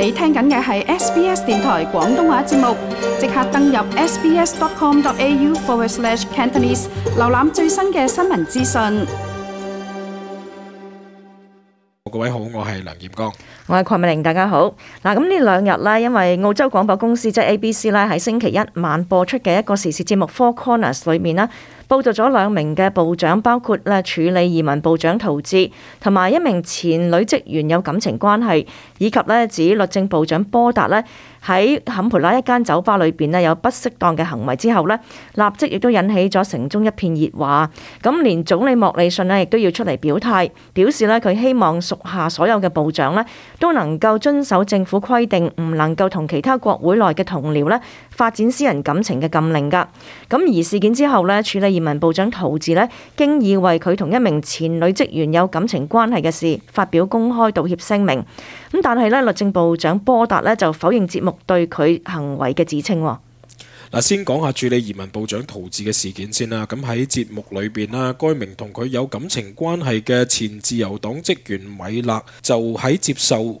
你聽緊嘅係 SBS 電台廣東話節目，即刻登入 sbs.com.au/cantonese 瀏覽最新嘅新聞資訊。各位好，我係梁業剛，我係鄺美玲，大家好。嗱，咁呢兩日咧，因為澳洲廣播公司即係 ABC 咧，喺星期一晚播出嘅一個時事節目 Four Corners 裏面咧。報導咗兩名嘅部長，包括咧處理移民部長圖治同埋一名前女職員有感情關係，以及咧指律政部長波達咧喺坎培拉一間酒吧裏邊咧有不適當嘅行為之後咧，立即亦都引起咗城中一片熱話。咁連總理莫里信咧亦都要出嚟表態，表示咧佢希望屬下所有嘅部長咧都能夠遵守政府規定，唔能夠同其他國會內嘅同僚咧，發展私人感情嘅禁令噶，咁而事件之後呢署理移民部長圖治呢，經已為佢同一名前女職員有感情關係嘅事發表公開道歉聲明。咁但係呢，律政部長波達呢，就否認節目對佢行為嘅指稱。嗱，先講下署理移民部長圖治嘅事件先啦。咁喺節目裏邊啦，該名同佢有感情關係嘅前自由黨職員米勒就喺接受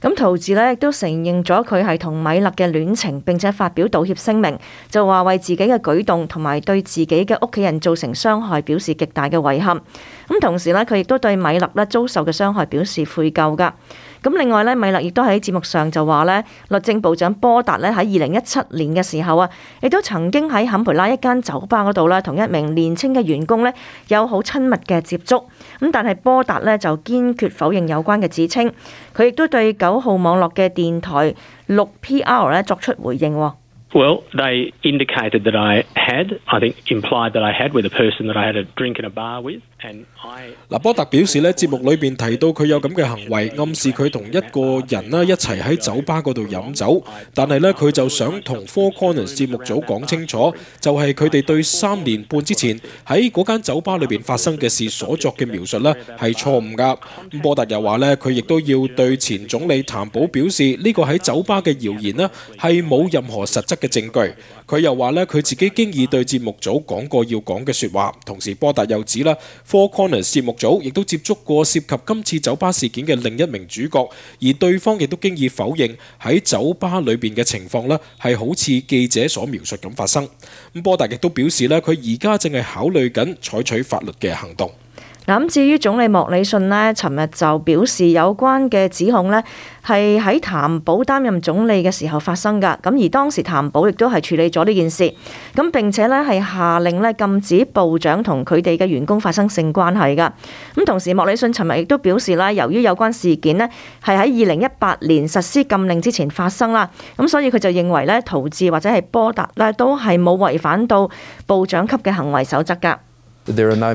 咁圖治呢亦都承認咗佢係同米勒嘅戀情，並且發表道歉聲明，就話為自己嘅舉動同埋對自己嘅屋企人造成傷害表示極大嘅遺憾。咁同時呢，佢亦都對米勒呢遭受嘅傷害表示悔疚噶。咁另外呢，米勒亦都喺節目上就話呢律政部長波達呢喺二零一七年嘅時候啊，亦都曾經喺坎培拉一間酒吧嗰度呢，同一名年輕嘅員工呢，有好親密嘅接觸。咁但係波達呢，就堅決否認有關嘅指稱。佢亦都對九號網絡嘅電台六 PR 作出回應。Well, they indicated that I had. I think implied that I had with a person that I had a drink in a bar with. 嗱，波特表示咧，節目裏邊提到佢有咁嘅行為，暗示佢同一個人啦一齊喺酒吧嗰度飲酒，但係咧佢就想同《Four Corners》節目組講清楚，就係佢哋對三年半之前喺嗰間酒吧裏邊發生嘅事所作嘅描述呢係錯誤噶。咁波特又話呢，佢亦都要對前總理譚寶表示，呢、這個喺酒吧嘅謠言呢係冇任何實質嘅證據。佢又話咧，佢自己經已對節目組講過要講嘅説話。同時，波達又指啦，Four Corners 節目組亦都接觸過涉及今次酒吧事件嘅另一名主角，而對方亦都經已否認喺酒吧裏邊嘅情況呢，係好似記者所描述咁發生。咁波達亦都表示呢，佢而家正係考慮緊採取法律嘅行動。至於總理莫里信咧，尋日就表示有關嘅指控咧，係喺譚保擔任總理嘅時候發生噶。咁而當時譚保亦都係處理咗呢件事，咁並且咧係下令咧禁止部長同佢哋嘅員工發生性關係噶。咁同時莫里信尋日亦都表示啦，由於有關事件咧係喺二零一八年實施禁令之前發生啦，咁所以佢就認為咧圖治或者係波達咧都係冇違反到部長級嘅行為守則噶。There are no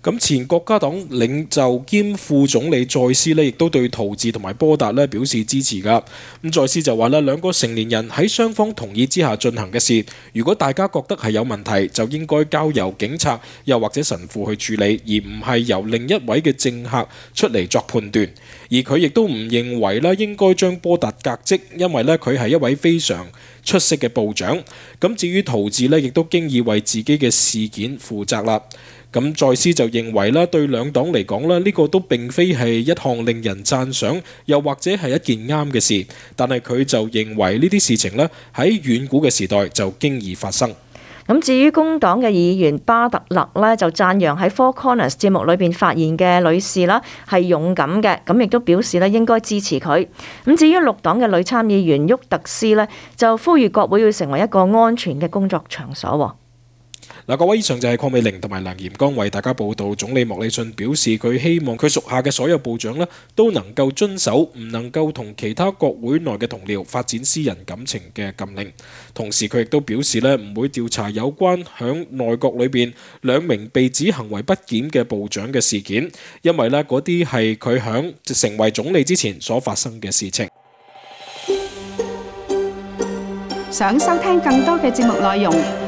咁前國家黨領袖兼副總理在斯呢，亦都對圖治同埋波達呢表示支持㗎。咁在斯就話啦：兩個成年人喺雙方同意之下進行嘅事，如果大家覺得係有問題，就應該交由警察又或者神父去處理，而唔係由另一位嘅政客出嚟作判斷。而佢亦都唔認為呢應該將波達革職，因為呢，佢係一位非常出色嘅部長。咁至於圖治呢，亦都經已為自己嘅事件負責啦。咁在斯就認為啦，對兩黨嚟講咧，呢、這個都並非係一項令人讚賞，又或者係一件啱嘅事。但係佢就認為呢啲事情咧，喺遠古嘅時代就經已發生。咁至於工黨嘅議員巴特勒呢就讚揚喺 Four Corners 節目裏邊發言嘅女士啦，係勇敢嘅。咁亦都表示咧，應該支持佢。咁至於綠黨嘅女參議員沃特斯呢就呼籲國會要成為一個安全嘅工作場所。嗱，各位，以上就係鄺美玲同埋梁炎光為大家報道。總理莫里遜表示，佢希望佢屬下嘅所有部長咧，都能夠遵守唔能夠同其他國會內嘅同僚發展私人感情嘅禁令。同時，佢亦都表示咧，唔會調查有關響內閣裏邊兩名被指行為不檢嘅部長嘅事件，因為咧，嗰啲係佢響成為總理之前所發生嘅事情。想收聽更多嘅節目內容。